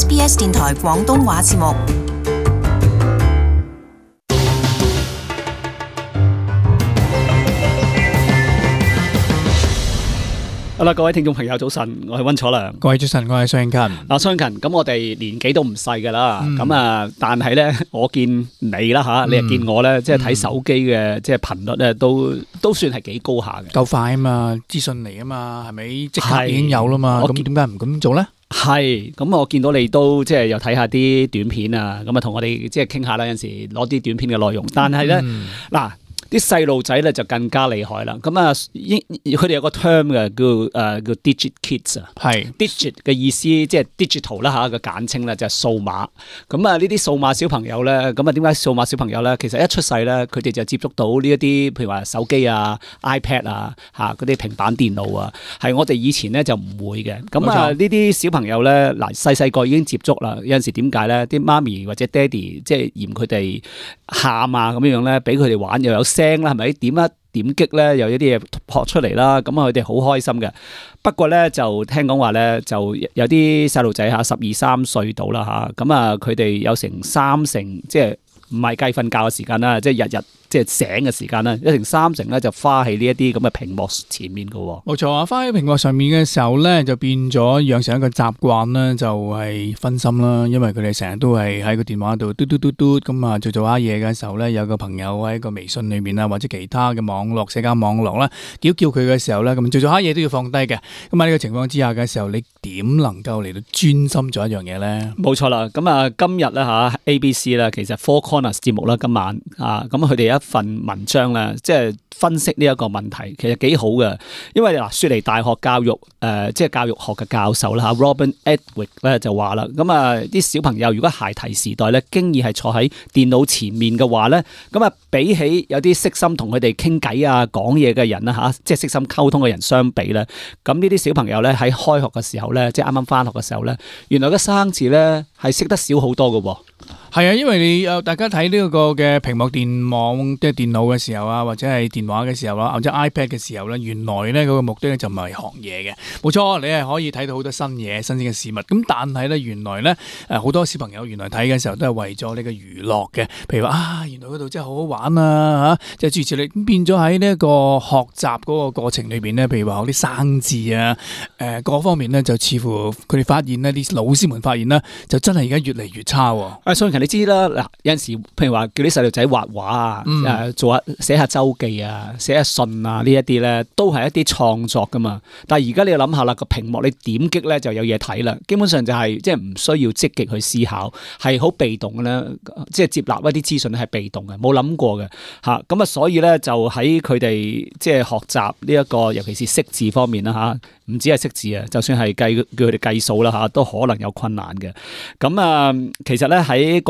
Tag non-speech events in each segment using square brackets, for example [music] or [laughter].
SBS 電台廣東話節目。好啦，各位聽眾朋友，早晨，我係温楚良。各位早晨，我係雙勤。嗱，雙勤，咁我哋年紀都唔細噶啦。咁啊，但係咧，我見你啦吓，你又見我咧，即係睇手機嘅，即係頻率咧，都都算係幾高下嘅。夠快啊嘛，資訊嚟,啊嘛，係咪即刻已經有啦嘛？咁點解唔咁做咧？係，咁我見到你都即係又睇下啲短片啊，咁啊同我哋即係傾下啦，有時攞啲短片嘅內容，但係咧嗱。嗯。啲細路仔咧就更加厲害啦，咁啊，佢哋有個 term 嘅叫誒叫、uh, digit kids 啊，係 digit 嘅意思即係、就是、digital 啦嚇，個簡稱咧就係數碼。咁啊呢啲數碼小朋友咧，咁啊點解數碼小朋友咧，其實一出世咧，佢哋就接觸到呢一啲，譬如話手機啊、iPad 啊、嚇嗰啲平板電腦啊，係我哋以前咧就唔會嘅。咁啊呢啲小朋友咧，嗱細細個已經接觸啦，有陣時點解咧？啲媽咪或者爹哋即係嫌佢哋喊啊咁樣樣咧，俾佢哋玩又有聲。驚係咪？點一點擊咧，又有啲嘢撲出嚟啦，咁佢哋好開心嘅。不過咧，就聽講話咧，就有啲細路仔吓，十二三歲到啦吓，咁啊，佢哋有成三成，即係。唔係計瞓覺嘅時間啦，即係日日即係醒嘅時間啦，一成三成咧就花喺呢一啲咁嘅屏幕前面㗎喎。冇錯啊，花喺屏幕上面嘅時候咧，就變咗養成一個習慣啦，就係分心啦。因為佢哋成日都係喺個電話度嘟嘟嘟嘟咁啊，做做下嘢嘅時候咧，有個朋友喺個微信裏面啊，或者其他嘅網絡社交網絡啦，叫叫佢嘅時候咧，咁做做下嘢都要放低嘅。咁喺呢個情況之下嘅時候，你點能夠嚟到專心做一樣嘢咧？冇錯啦。咁啊，今日咧嚇 A、B、C 啦，其實 Four Corn 節目啦，今晚啊，咁佢哋有一份文章咧，即係分析呢一個問題，其實幾好嘅。因為嗱，雪梨大學教育誒、呃，即係教育學嘅教授啦，哈，Robin Edward 咧就話啦，咁啊，啲小朋友如果孩提時代咧，經已係坐喺電腦前面嘅話咧，咁啊，比起有啲悉心同佢哋傾偈啊、講嘢嘅人啦，吓，即係悉心溝通嘅人相比咧，咁呢啲小朋友咧喺開學嘅時候咧，即係啱啱翻學嘅時候咧，原來嘅生字咧係識得少好多嘅。係啊， [music] 因為你誒，大家睇呢個嘅屏幕、電網即係電腦嘅時候啊，或者係電話嘅時候啦，或者 iPad 嘅時候咧，原來咧嗰個目的咧就唔係學嘢嘅，冇錯，你係可以睇到好多新嘢、新鮮嘅事物。咁但係咧，原來咧誒，好多小朋友原來睇嘅時候都係為咗呢個娛樂嘅，譬如話啊，原來嗰度真係好好玩啊吓，即係專注力咁變咗喺呢一個學習嗰個過程裏邊咧，譬如話學啲生字啊，誒、啊，各方面咧就似乎佢哋發現呢，啲老師們發現呢，就真係而家越嚟越差、啊。誒、哎，你知啦，嗱有陣時，譬如話叫啲細路仔畫畫，嗯、啊，做下寫下寫下周記啊，寫下信啊，呢一啲咧都係一啲創作噶嘛。但係而家你諗下啦，個屏幕你點擊咧就有嘢睇啦，基本上就係即係唔需要積極去思考，係好被動嘅咧，即係接納一啲資訊係被動嘅，冇諗過嘅嚇。咁啊，所以咧就喺佢哋即係學習呢一個，尤其是識字方面啦吓，唔止係識字啊，就算係叫佢哋計數啦吓，啊，都可能有困難嘅。咁啊，其實咧喺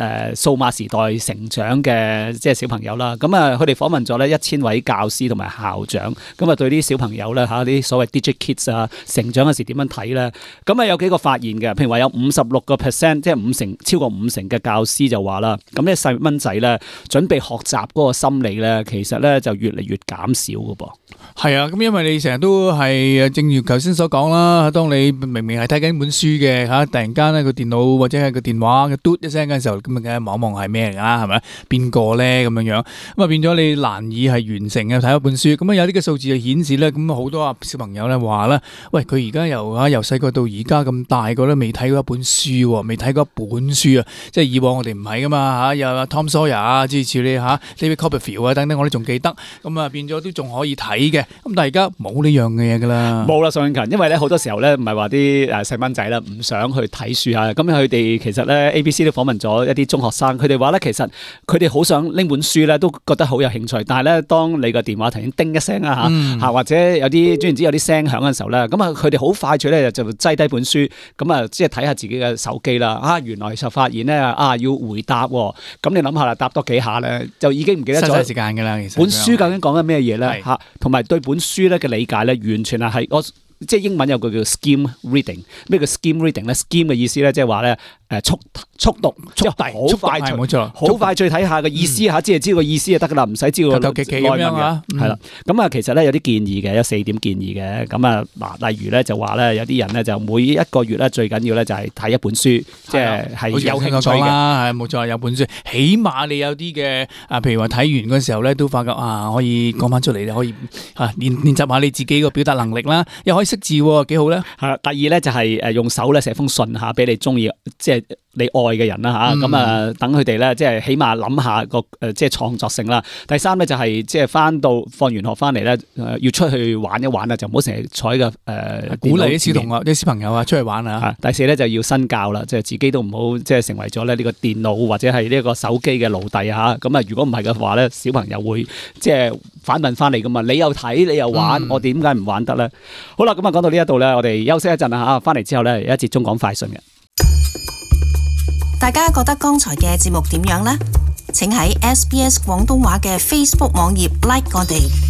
誒數碼時代成長嘅即係小朋友啦，咁啊佢哋訪問咗咧一千位教師同埋校長，咁啊對啲小朋友啦嚇啲所謂 digital kids 啊成長嗰時點樣睇咧？咁啊有幾個發現嘅，譬如話有五十六個 percent，即係五成超過五成嘅教師就話啦，咁呢細蚊仔咧準備學習嗰個心理咧，其實咧就越嚟越減少嘅噃。係啊，咁因為你成日都係誒，正如頭先所講啦，當你明明係睇緊本書嘅嚇，突然間呢個電腦或者係個電話嘅嘟一聲嘅時候。咁嘅望望係咩嚟啦？係咪邊個咧？咁樣樣咁啊變咗你難以係完成嘅睇一本書。咁啊有啲嘅數字就顯示咧，咁好多啊小朋友咧話啦，喂，佢而家由啊由細個到而家咁大個都未睇過一本書，未睇過一本書啊！即係以往我哋唔係噶嘛吓，有 Tom Sawyer 啊，諸如此類吓，David Copperfield 啊等等，我都仲記得。咁啊變咗都仲可以睇嘅。咁但係而家冇呢樣嘅嘢噶啦，冇啦，上錦，因為呢好多時候呢唔係話啲誒細蚊仔咧唔想去睇書啊。咁佢哋其實咧 A B C 都訪問咗一啲中學生，佢哋話咧，其實佢哋好想拎本書咧，都覺得好有興趣。但係咧，當你個電話突然叮一聲啊嚇，嚇、嗯、或者有啲，總言之有啲聲響嘅時候咧，咁啊，佢哋好快脆咧就擠低本書，咁啊，即係睇下自己嘅手機啦。啊，原來就發現咧啊，要回答。咁你諗下啦，答多幾下咧，就已經唔記得咗時間㗎啦。本書究竟講緊咩嘢咧？嚇，同埋對本書咧嘅理解咧，完全係係我。即係英文有個叫 skim reading，咩叫 skim reading 咧？skim 嘅意思咧，即係話咧，誒速速度速好快，係冇錯，好快。再睇下個意思吓，即係知個意思就得噶啦，唔使、嗯、知道。求求其其內文嘅，係啦。咁啊、嗯，其實咧有啲建議嘅，有四點建議嘅。咁啊，例例如咧就話咧，有啲人咧就每一個月咧最緊要咧就係睇一本書，即係係有興趣啦。係冇錯，有本書，起碼你有啲嘅啊，譬如話睇完嗰時候咧都發覺啊，可以講翻出嚟，你可以嚇練練習下你自己個表達能力啦。一、嗯、開識字喎，幾好咧！係啦，第二咧就係誒，用手咧寫封信吓俾你中意，即係你愛嘅人啦吓，咁啊等佢哋咧，即係起碼諗下個誒，即係創作性啦。第三咧就係即係翻到放完學翻嚟咧，誒要出去玩一玩啊，就唔好成日坐喺個誒。鼓勵啲小朋友，啲小朋友啊出去玩啊！第四咧就要身教啦，即係自己都唔好即係成為咗咧呢個電腦或者係呢個手機嘅奴隸吓。咁啊，如果唔係嘅話咧，小朋友會即係。就是反問翻嚟㗎嘛，你又睇，你又玩，嗯、我點解唔玩得呢？好啦，咁啊講到呢一度咧，我哋休息一陣啊嚇，翻嚟之後呢，有一節中港快訊嘅。大家覺得剛才嘅節目點樣呢？請喺 SBS 廣東話嘅 Facebook 網頁 like 我哋。